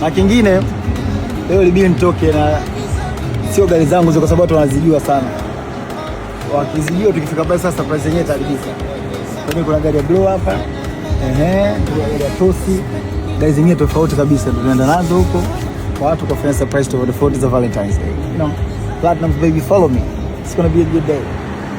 na kingine, leo libidi nitoke na sio gari zangu kwa sababu watu wanazijua sana, wakizijua tukifika pale sasa surprise yenyewe itaharibika. Kwa kuna gari ya blue hapa, ehe, gari ya tosi, gari zingine tofauti kabisa tunaenda nazo huko kwa watu kufanya surprise tofauti tofauti za Valentine's Day. You know, Platinum baby follow me. It's gonna be a good day.